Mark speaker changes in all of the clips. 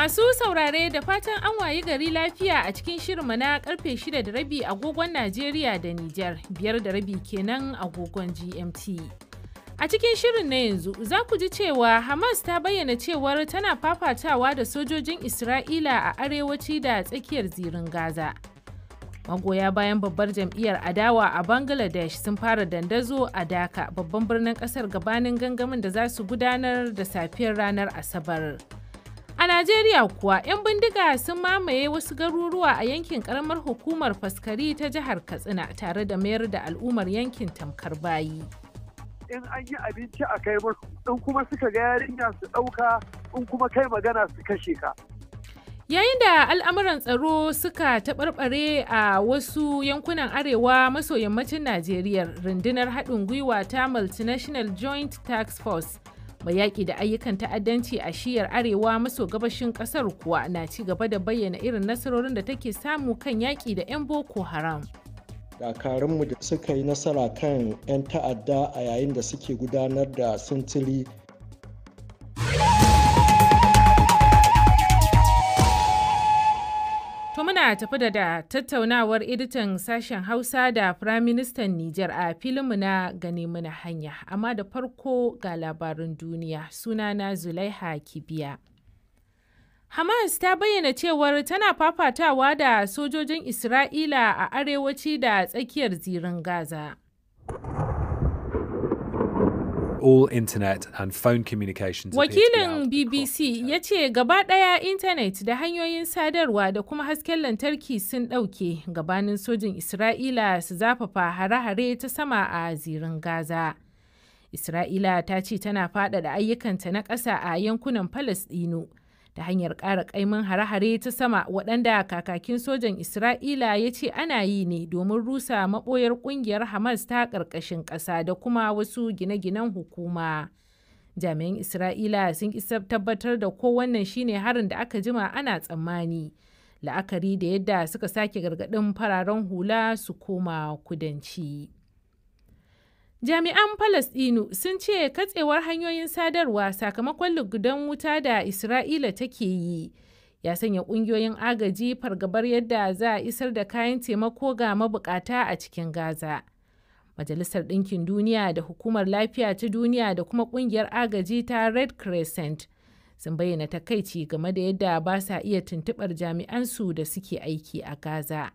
Speaker 1: Masu saurare da fatan an wayi gari lafiya a cikin shirma na karfe 6 da rabi agogon Najeriya da Nijar, biyar da rabi kenan agogon GMT. A cikin shirin na yanzu za ku ji cewa Hamas ta bayyana cewar tana fafatawa da sojojin Isra'ila a arewaci da tsakiyar zirin Gaza. Magoya bayan babbar jam'iyyar adawa a Bangladesh sun fara dandazo a daka babban birnin kasar gabanin gangamin da za su gudanar da safiyar ranar Asabar. A Najeriya kuwa 'yan bindiga sun mamaye wasu garuruwa a yankin karamar hukumar faskari ta jihar Katsina tare da mayar da al'ummar yankin tamkar bayi.
Speaker 2: In an yi abinci a kai musu, in kuma suka ga yarinya su ɗauka, in kuma kai magana su kashe ka.
Speaker 1: Yayin da al'amuran tsaro suka taɓarɓare a wasu yankunan arewa maso yammacin Najeriya, rundunar haɗin gwiwa ta Multinational Joint Tax Force mai yaƙi da ayyukan ta'addanci a shiyar arewa maso gabashin ƙasar kuwa na ci gaba da bayyana irin nasarorin da take samu kan yaƙi da 'yan boko haram
Speaker 3: dakarunmu da suka yi nasara kan 'yan ta'adda a yayin da suke gudanar da sintiri
Speaker 1: Muna tafi da da tattaunawar editan sashen Hausa da Firaministan Nijar a filinmu na gane muna hanya, amma da farko ga labarin duniya sunana Zulaiha Kibiya. Hamas ta bayyana cewar tana fafatawa da sojojin Isra'ila a arewaci da tsakiyar zirin Gaza. all internet and phone Wakilin BBC ya ce gaba ɗaya intanet da hanyoyin sadarwa da kuma hasken lantarki sun ɗauke gabanin sojin Isra'ila su zafafa hare-hare ta sama a zirin Gaza. Isra'ila ta ce tana faɗaɗa ayyukanta na ƙasa a yankunan Falasɗinu Da hanyar ƙara ƙaimin hare-hare ta sama waɗanda kakakin sojan Isra'ila ya ce ana yi ne domin rusa maɓoyar ƙungiyar Hamas ta ƙarƙashin ƙasa da kuma wasu gine-ginen hukuma. Jami'an Isra'ila sun isa tabbatar da ko wannan shine harin da aka jima ana tsammani. La'akari da yadda suka sake gargaɗin fararen hula su koma kudanci. Jami'an Falasɗinu sun ce katsewar hanyoyin sadarwa sakamakon lugudan wuta da Isra'ila take yi ya sanya ƙungiyoyin agaji fargabar yadda za a isar da kayan taimako ga mabukata a cikin Gaza. Majalisar Ɗinkin Duniya da Hukumar Lafiya ta Duniya da kuma ƙungiyar agaji ta Red Crescent sun bayyana takaici game da yadda ba sa iya tuntuɓar jami'ansu da suke aiki a Gaza.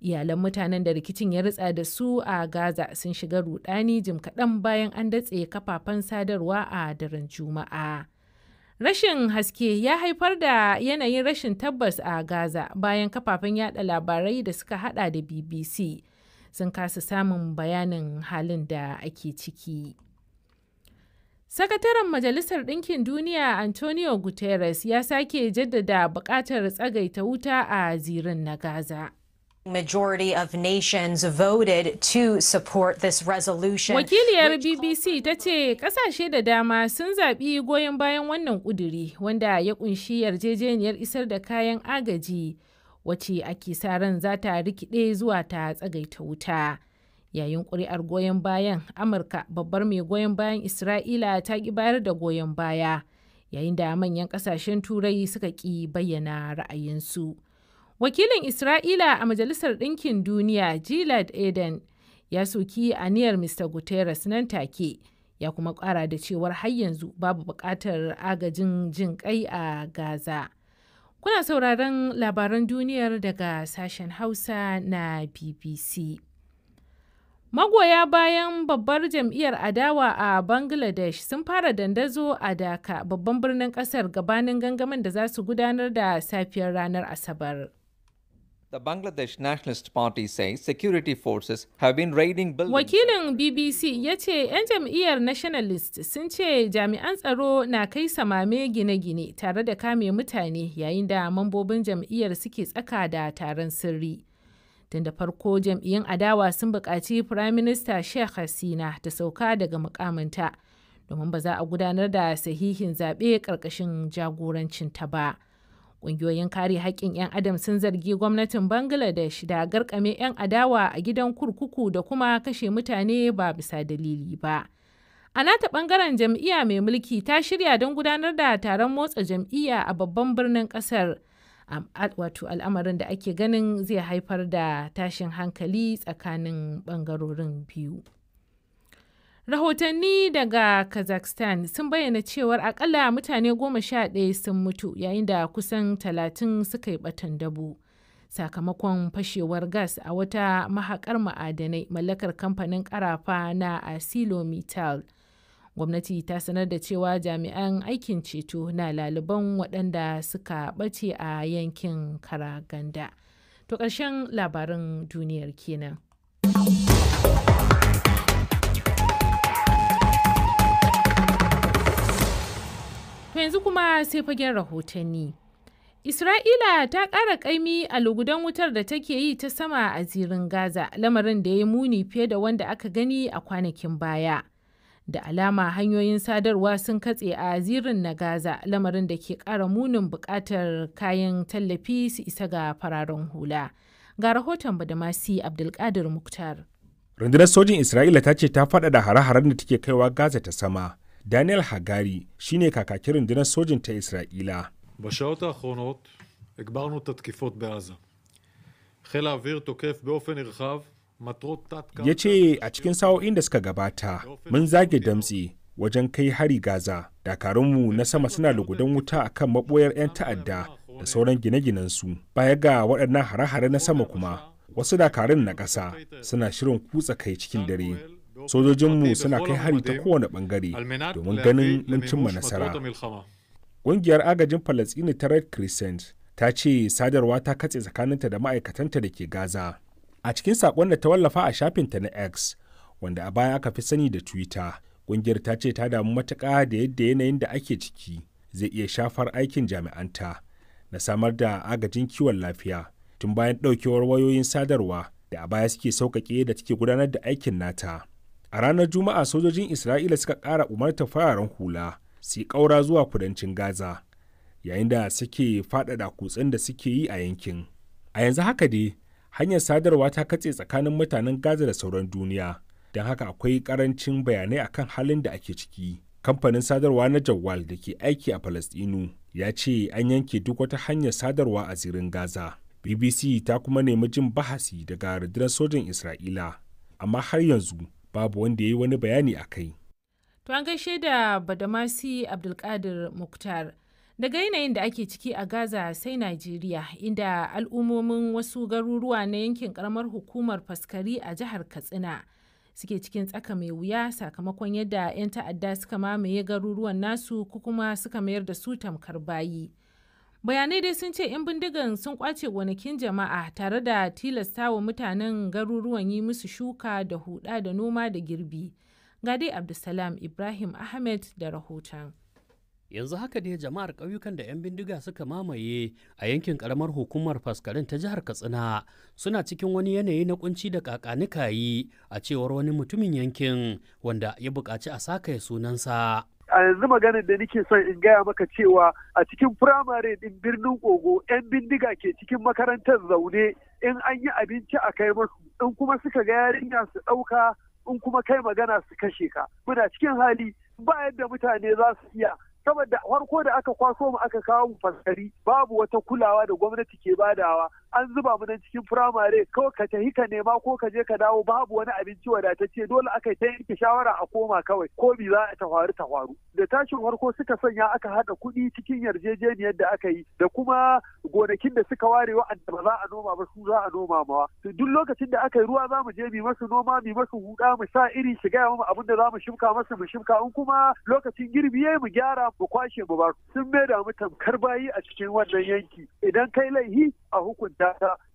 Speaker 1: iyalan mutanen da rikicin ya ritsa da su a gaza sun shiga rudani jim kaɗan bayan an datse kafafen sadarwa a daren juma'a rashin haske ya haifar da yanayin rashin tabbas a gaza bayan kafafen yada labarai da suka hada da bbc sun kasa samun bayanin halin da ake ciki Sakataren Majalisar Ɗinkin Duniya Antonio Guterres ya sake jaddada buƙatar tsagaita wuta a zirin na Gaza. majority of nations voted to support this resolution. Wakiliyar BBC ta ce kasashe da dama sun zaɓi goyon bayan wannan ƙuduri wanda ya ƙunshi yarjejeniyar isar da kayan agaji wacce ake sa ran za ta rikide zuwa ta tsagaita wuta. Yayin ƙuri'ar goyon bayan Amurka babbar mai goyon bayan Isra'ila ta ƙi bayar da goyon baya yayin da manyan ƙasashen Turai suka ƙi bayyana ra'ayinsu. Wakilin Isra'ila a Majalisar Ɗinkin Duniya Gilad Eden ya soki aniyar Mr. Guterres nan take ya kuma ƙara da cewar har yanzu babu buƙatar agajin jin ƙai a Gaza. Kuna sauraron labaran duniyar daga sashen Hausa na BBC. Magoya bayan babbar jam'iyyar adawa a Bangladesh sun fara dandazo a Dhaka babban birnin kasar gabanin gangamin da za su gudanar da safiyar ranar Asabar.
Speaker 4: The Bangladesh Nationalist Party says security forces have been raiding buildings.
Speaker 1: Wakilin BBC ya ce 'yan jam'iyyar Nationalist sun ce jami'an tsaro na kai samame gine-gine tare da kame mutane yayin da mambobin jam'iyyar suke tsaka da taron sirri. Tun da farko jam'iyyun adawa sun buƙaci prime minister Sheikh Hasina ta sauka daga mukaminta domin ba za a gudanar da sahihin zaɓe ƙarƙashin ta ba. Ƙungiyoyin kare haƙƙin 'yan adam sun zargi gwamnatin Bangladesh da garkame 'yan adawa a gidan kurkuku da kuma kashe mutane ba bisa dalili ba. A nata ɓangaren jam'iyya mai mulki ta shirya don gudanar da taron motsa jam'iyya a babban birnin ƙasar. Wato al'amarin da ake ganin zai haifar da tashin hankali tsakanin ɓangarorin biyu. Rahotanni daga Kazakhstan sun bayyana cewar akalla mutane goma sha ɗaya sun mutu yayin da kusan talatin suka yi batan dabu Sakamakon fashewar gas a wata mahaƙar ma'adanai mallakar kamfanin ƙarafa na asilo Metal. Gwamnati ta sanar da cewa jami'an aikin ceto na laliban waɗanda suka ɓace a yankin Karaganda. To ƙarshen labarin duniyar kenan. To yanzu kuma sai fagen rahotanni. Isra'ila ta ƙara ƙaimi a lugudan wutar da take yi ta sama a zirin Gaza, lamarin da ya muni fiye da wanda aka gani a kwanakin baya. Da alama hanyoyin sadarwa sun katse a zirin na Gaza, lamarin da ke ƙara munin buƙatar kayan tallafi su isa ga fararen hula. Ga rahoton Badamasi Abdulkadir Muktar.
Speaker 5: Rundunar sojin Isra'ila ta ce ta faɗaɗa hare-haren da take kaiwa Gaza ta sama. Daniel Hagari shine kakakin rundunar sojin ta Isra'ila. ya ce a cikin sa'o'in da suka gabata mun zage damtse wajen kai hari gaza dakarunmu na sama suna lugudan wuta akan maboyar 'yan ta'adda da sauran gine-ginensu baya ga waɗannan hare-hare na sama kuma wasu dakarun na ƙasa suna shirin kutsa kai cikin dare sojojinmu suna kai hari ta kowane bangare domin ganin mun cimma nasara ƙungiyar agajin falasɗinu ta red crescent ta ce sadarwa ta katse tsakaninta da ma'aikatanta da ke gaza a cikin saƙon da ta wallafa a shafinta na x wanda a baya aka fi sani da twitter ƙungiyar ta ce ta damu matuƙa da yadda yanayin da ake ciki zai iya shafar aikin jami'anta na samar da agajin kiwon lafiya tun bayan ɗaukewar wayoyin sadarwa da a baya suke sauƙaƙe da take gudanar da aikin nata a ranar juma'a sojojin isra'ila suka ƙara umarta fararen hula su ƙaura zuwa kudancin gaza yayin da suke faɗaɗa kutsen da suke yi a yankin a yanzu haka dai hanyar sadarwa ta katse tsakanin mutanen gaza da sauran duniya don haka akwai ƙarancin bayanai akan halin da ake ciki kamfanin sadarwa na jawal da ke aiki a Falasɗinu, ya ce an yanke duk wata hanyar sadarwa a zirin gaza bbc ta kuma nemi jin bahasi daga rundunar sojan isra'ila amma har yanzu babu wanda ya yi wani bayani a kai.
Speaker 1: To an gaishe da Badamasi Abdulkadir Muktar. Daga yanayin da ake ciki a Gaza sai Najeriya inda al'ummomin wasu garuruwa na yankin ƙaramar hukumar faskari a jihar Katsina suke cikin tsaka mai wuya sakamakon yadda 'yan ta'adda suka mamaye garuruwan nasu ko kuma suka mayar da su tamkar bayi. bayanai dai sun ce 'yan bindigan sun kwace gonakin jama'a tare da tilasta wa mutanen garuruwan yi musu shuka da huda da noma da girbi ga dai abdulsalam ibrahim ahmed da rahoton
Speaker 6: yanzu haka dai jama'ar ƙauyukan da 'yan bindiga suka mamaye a yankin karamar hukumar faskarin ta jihar katsina suna cikin wani yanayi na kunci da kakanikayi a cewar wani mutumin yankin wanda ya bukaci a sakaye sunansa
Speaker 2: a yanzu maganin da nike son in gaya maka cewa a cikin firamare din birnin kogo 'yan bindiga ke cikin makarantar zaune in an yi abinci a kai masu in kuma suka ga yarinya su ɗauka in kuma kai magana su kashe ka muna cikin hali ba yadda mutane za su iya saboda farko da aka kwaso mu aka kawo mu faskari babu wata kulawa da gwamnati ke badawa an zuba mu nan cikin firamare kawai ka tafi ka nema ko ka je ka dawo babu wani abinci wadatacce dole aka ta yanke shawara a koma kawai ko bi za a ta faru da tashin farko suka sanya aka hada kuɗi cikin yarjejeniyar da aka yi da kuma gonakin da suka ware wa'anda ba za a noma ba su za a noma mawa duk lokacin da aka yi ruwa za mu je mu masu noma mu masu huda mu sa iri shiga mu abin da za mu shimka masu mu shimka in kuma lokacin girbi yayi mu gyara mu kwashe mu ba sun da mu tamkar bayi a cikin wannan yanki idan kai laihi a hukunta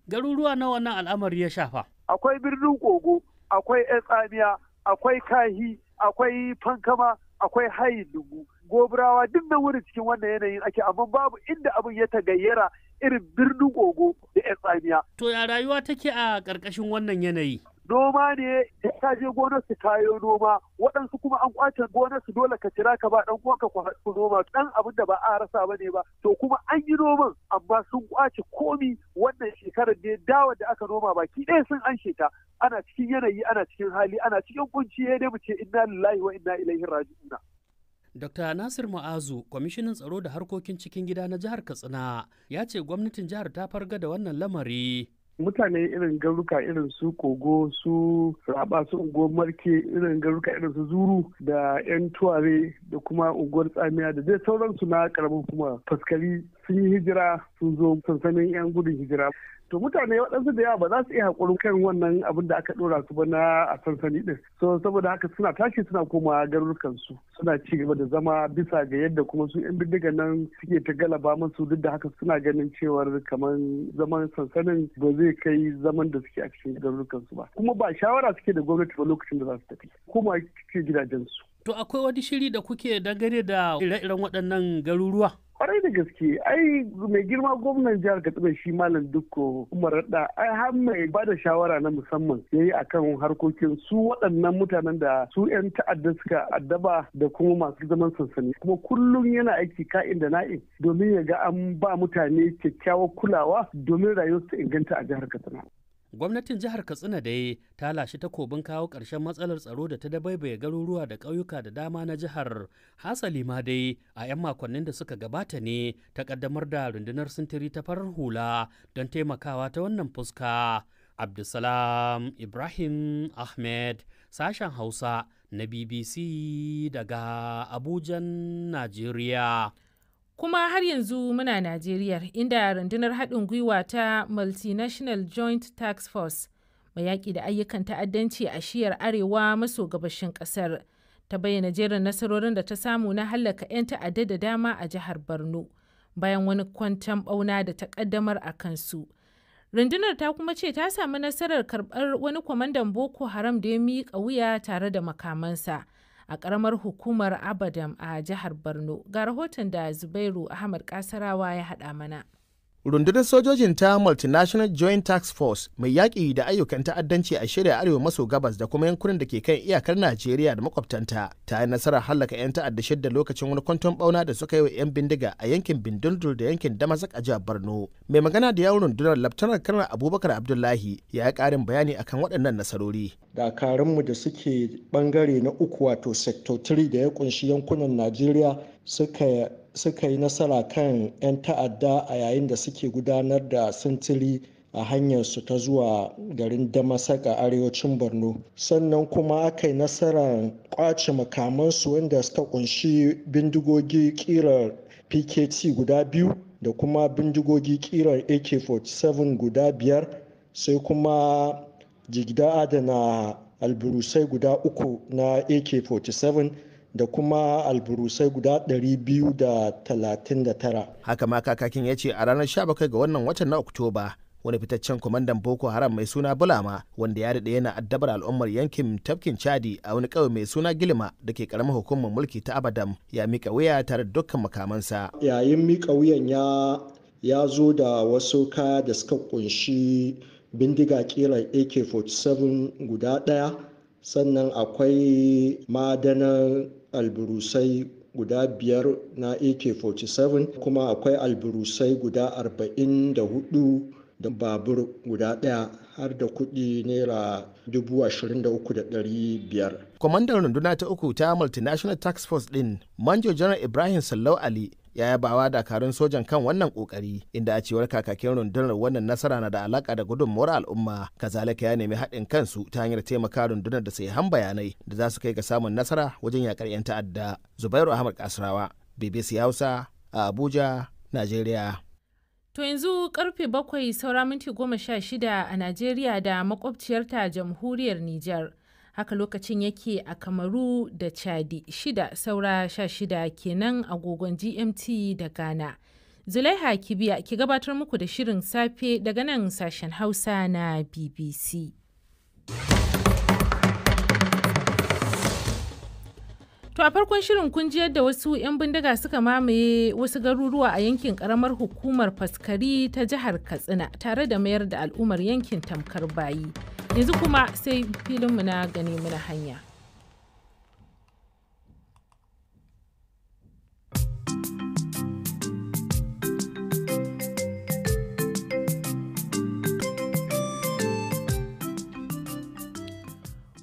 Speaker 2: Garuruwa nawa wannan al'amari ya shafa? Akwai birnin Kogo, akwai tsamiya, akwai Kahi, akwai Fankama, akwai Hayin dubu. Gobrawa duk da wuri cikin wannan yanayin ake amma babu inda abin ya tagayyara irin birnin Kogo
Speaker 6: da tsamiya. To ya rayuwa take a ƙarƙashin wannan yanayi?
Speaker 2: noma ne ta je gonar su kayo noma waɗansu kuma an kwace su dole ka cira ka ba ɗan ka ku noma ɗan abin da ba a rasa ba ne ba to kuma an yi noman amma sun kwace komi wannan shekarar ne dawa da aka noma baki ɗaya sun an sheta ana cikin yanayi ana cikin hali ana cikin kunci ya dai muce inna lillahi wa inna ilaihi raji'un
Speaker 6: Dr. Nasir Ma'azu, kwamishinan tsaro da harkokin cikin gida na jihar Katsina, ya ce gwamnatin jihar ta farga da wannan lamari.
Speaker 2: mutane irin garuka irin su kogo su raba su unguwar marke irin garuka irin su zuru da yan tuware da kuma unguwar tsamiya da dai sauransu na karamin kuma faskari sun yi hijira sun zo sansanin yan gudun hijira to mutane waɗansu da yawa ba za su iya haƙurin kan wannan abin da aka ɗora su ba na a sansani ɗin so saboda haka suna tashi suna koma garurukansu suna ci gaba da zama bisa ga yadda kuma su yan bindiga nan suke ta galaba musu duk da haka suna ganin cewar kamar zaman sansanin ba zai kai zaman da suke a cikin garurukansu ba kuma ba shawara suke da gwamnati ba lokacin da za su tafi kuma cikin gidajensu
Speaker 6: To akwai wani shiri da kuke dangane da ire-iren waɗannan garuruwa?
Speaker 2: kwarai da gaske ai mai girma gwamnan jihar katsina shi malam dukko umar ai har mai ba da shawara na musamman ya yi akan harkokin su waɗannan mutanen da su 'yan ta'adda suka addaba da kuma masu zaman sansani kuma kullum yana aiki ka'in da na'in domin ya ga an ba mutane kyakkyawar kulawa domin rayuwarsu ta inganta a jihar katsina
Speaker 6: gwamnatin jihar katsina dai ta lashe takobin kawo ƙarshen matsalar tsaro da ta dabaibaye garuruwa da ƙauyuka da dama na jihar hasali ma dai a 'yan makonnin da suka gabata ne ta ƙaddamar da rundunar sintiri ta farar hula don taimakawa ta wannan fuska abdulsalam ibrahim ahmed sashen hausa na bbc daga abujan najeriya
Speaker 1: Kuma har yanzu muna Najeriya, inda Rundunar Haɗin Gwiwa ta Multinational Joint Task Force mai yaƙi da ayyukan ta'addanci a shiyar Arewa maso gabashin ƙasar ta bayyana jerin nasarorin da ta samu na hallaka 'yan ta'adda da dama a jihar Borno bayan wani kwantan ɓauna da ta ƙaddamar a kansu. Rundunar ta kuma ce ta samu nasarar karɓar wani kwamandan Boko Haram da ya miƙa wuya tare da makamansa. a ƙaramar hukumar Abadam a jihar Borno. Ga rahoton da Zubairu Ahmad Kasarawa ya haɗa mana.
Speaker 7: rundunar sojojin ta multinational joint tax force mai yaƙi da ayyukan ta'addanci a shirya arewa maso gabas da kuma yankunan da ke kan iyakar najeriya da makwabtanta ta yi nasarar hallaka 'yan ta'adda shidda lokacin wani kwanton bauna da suka yi wa 'yan bindiga a yankin bindundur da yankin damasak a jihar borno mai magana da yawon rundunar laftanar kanar abubakar abdullahi ya yi karin bayani akan waɗannan nasarori
Speaker 3: mu da suke bangare na uku wato sector 3 da ya kunshi yankunan najeriya suka suka yi nasara kan 'yan ta'adda a yayin da suke gudanar da sintiri a hanyarsu ta zuwa garin damasak a arewacin borno sannan kuma aka yi nasarar kwace makamansu wanda suka kunshi bindigogi kirar pkt guda biyu da kuma bindigogi kirar ak-47 guda biyar sai kuma jigida adana alburusai guda uku na ak-47 da kuma
Speaker 7: alburusai guda 239 haka ma kakakin ya ce a ranar 17 ga wannan watan na oktoba wani fitaccen kwamandan boko haram mai suna bulama wanda ya daɗe yana addabar al'ummar yankin tafkin chadi a wani ƙauye mai suna gilima da ke ƙaramin hukumar mulki ta abadam ya mika wuya tare da dukkan makamansa
Speaker 3: yayin mika wuyan ya zo da wasu kaya da suka kunshi bindiga ƙirar ak-47 guda ɗaya sannan akwai madanan alburusai guda biyar na ak-47 kuma akwai alburusai guda 44 da babur guda daya har da kudi naira
Speaker 7: 23,500 kwamandan runduna ta uku ta multinational tax force din manjo janar ibrahim sallau ali ya yabawa dakarun sojan kan wannan kokari inda a cewar kakakin rundunar wannan nasara na da alaka da gudunmuwar al'umma kazalika ya nemi haɗin kansu ta hanyar taimaka rundunar da sai han bayanai da za su kai ga samun nasara wajen yakar 'yan ta'adda zubairu ahmad kasrawa bbc hausa a abuja nigeria.
Speaker 1: To yanzu karfe bakwai saura minti goma sha shida a Najeriya da makwabciyarta jamhuriyar Nijar. haka lokacin yake a kamaru da chadi shida saura sha shida kenan agogon gmt da ghana zulaiha kibiya ki gabatar muku da shirin safe daga nan sashen hausa na bbc To a farkon shirin kun ji yadda wasu 'yan bindiga suka mamaye wasu garuruwa a yankin karamar hukumar faskari ta jihar Katsina tare da mayar da al'ummar yankin tamkar bayi. yanzu kuma sai filinmu na gani muna hanya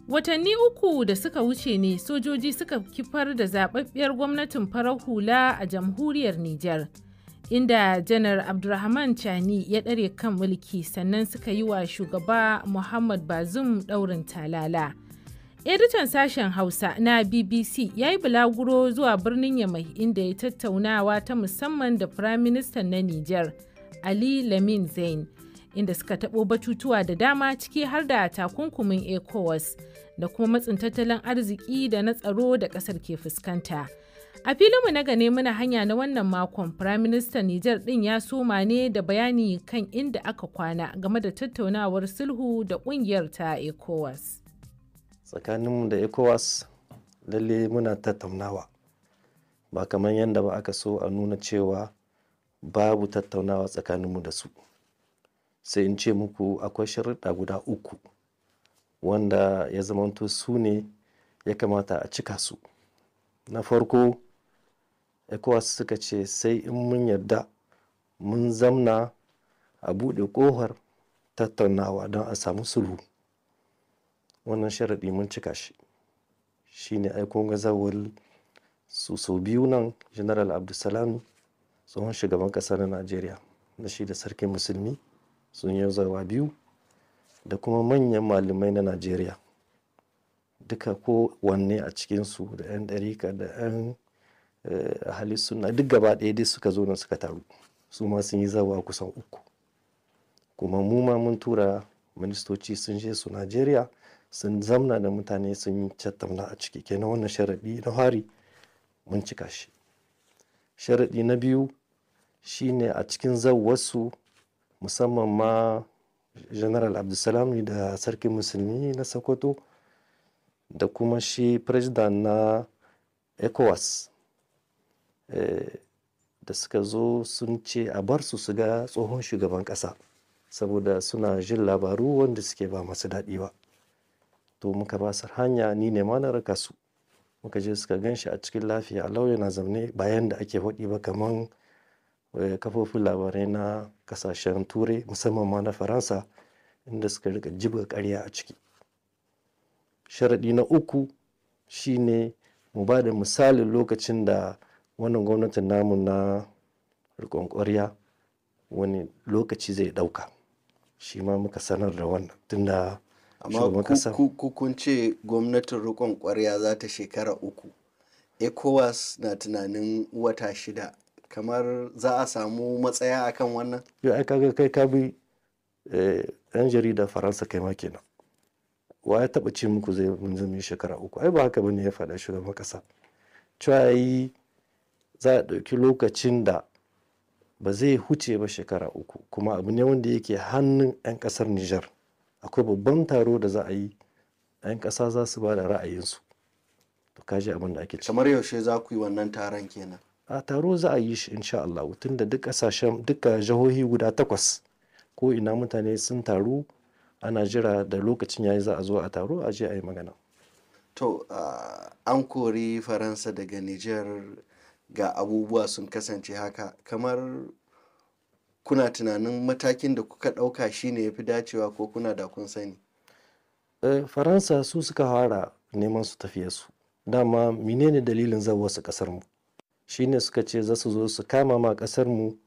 Speaker 1: watanni uku da suka wuce ne sojoji suka kifar da zababbiyar gwamnatin farar hula a jamhuriyar Nijar. inda janar abdulrahman chani ya ɗare kan mulki sannan suka yi wa shugaba muhammad bazum ɗaurin talala editan sashen hausa na bbc ya yi bulaguro zuwa birnin yamai inda ya tattaunawa ta musamman da firaministan na niger ali lamin zain inda suka taɓo batutuwa da dama ciki har da takunkumin ecowas da kuma matsin tattalin arziki da na tsaro da ƙasar ke fuskanta. A filinmu na gane muna hanya na wannan makon, Firaministan Nijar ɗin ya soma ne da bayani kan inda aka kwana game da tattaunawar sulhu da ƙungiyar ta ECOWAS.
Speaker 4: Tsakaninmu da ECOWAS lalle muna tattaunawa, ba kamar yadda ba aka so a nuna cewa babu tattaunawa tsakaninmu da su. Sai in ce muku akwai sharuɗa guda uku, wanda ya zamanto su ne ya kamata a cika su. Na farko ecowas suka ce sai in mun yarda mun zamna a buɗe ƙofar tattaunawa don a samu sulhu wannan sharaɗi mun cika shi shine aikon gazawar su sau biyu nan general abdulsalam tsohon shugaban ƙasa na najeriya na shi da sarkin musulmi sun yi zawa biyu da kuma manyan malamai na najeriya duka ko wanne a cikinsu da 'yan ɗarika da 'yan halis eh, suna duk gaba ɗaya dai suka zo nan suka taru su ma sun yi zawa kusan uku kuma mu ma mun tura ministoci sun je su najeriya sun zamna da mutane sun yi cattauna a ciki kenan wannan sharaɗi na hari mun cika shi sharaɗi na biyu shine a cikin wasu musamman ma general abdulsalam da Sarki musulmi na sokoto da kuma shi president na ecowas Eh, da suka zo sun ce a bar su su ga tsohon shugaban ƙasa saboda suna jin labaru wanda suke ba masu daɗi ba to muka ba su hanya ni ne ma na raka su muka je suka gan shi a cikin lafiya alau yana zaune bayan da ake faɗi ba kaman eh, kafofin labarai na kasashen turai musamman ma na faransa inda suka rika jibga karya a ciki sharaɗi na uku shine mu ba da misalin lokacin da wannan gwamnatin namu na rikon ƙwarya wani lokaci zai ɗauka shi ma muka sanar da wannan tunda
Speaker 8: amma kukun ce gwamnatin rikon ƙwarya za ta shekara uku ecowas na tunanin wata shida kamar za a samu matsaya akan wannan
Speaker 4: ai kaga kai ka bi yan eh, jarida faransa kai ma kenan wa ya taba ce muku zai mun zama shekara uku ai ba haka bane ya faɗa shugaban ƙasa cewa yi za a ɗauki lokacin da ba zai huce ba shekara uku kuma abu ne wanda yake hannun 'yan ƙasar Nijar akwai babban taro da za a yi 'yan ƙasa za su ba da ra'ayinsu to kaji abin da ake ciki kamar yaushe
Speaker 8: za ku yi wannan taron kenan
Speaker 4: a taro za a yi shi insha Allah tun da duk ƙasashen duka jihohi guda takwas ko ina mutane sun taru ana jira da lokacin yayi za a zo a taro a je a yi magana
Speaker 8: to ah, an kori faransa daga Nijar ga abubuwa sun kasance haka kamar kuna tunanin matakin da kuka ɗauka shine ya fi dacewa ko kuna da kun sani
Speaker 4: eh, faransa su suka fara neman su tafiya su dama menene dalilin zawo su kasar mu shi ne suka ce za su zo su kama ma kasar mu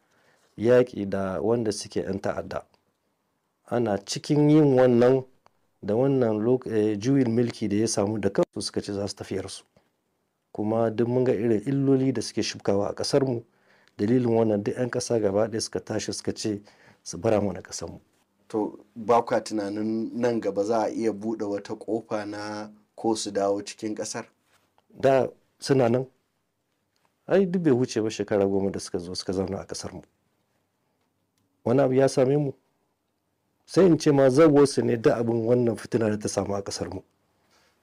Speaker 4: yaƙi da wanda suke 'yan ta'adda ana cikin yin wannan da wannan eh, juyin mulki da ya samu da kansu suka ce za su su. kuma duk mun ga irin illoli da suke shukawa a ƙasar mu dalilin wannan duk 'yan ƙasa gaba ɗaya suka tashi suka ce su bara mu na ƙasar mu
Speaker 8: to ba ku tunanin nan gaba za a iya buɗe wata ƙofa na ko su dawo cikin ƙasar
Speaker 4: da suna nan ai duk bai wuce ba shekara goma da suka zo suka zauna a ƙasar mu wani abu ya same mu sai in ce ma zago wasu ne da abin wannan fitina da ta samu a ƙasar mu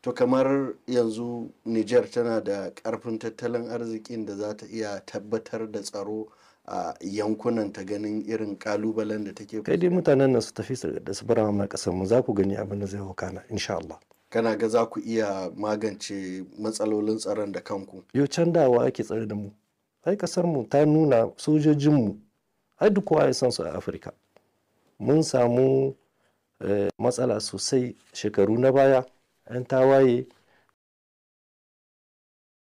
Speaker 8: to kamar yanzu niger tana da karfin tattalin arzikin da za ta iya tabbatar da tsaro a yankunan ta ganin irin kalubalen da take kai dai
Speaker 4: mutanen nan su tafi da su bara mana kasar mu za ku gani abin da zai hukana insha
Speaker 8: Allah kana ga za ku iya magance matsalolin tsaron da kanku
Speaker 4: yau can dawa ake tsare da mu ai kasar mu ta nuna sojojin mu ai duk kowa ya san su a Afirka mun samu eh, matsala sosai shekaru na baya intaa waaye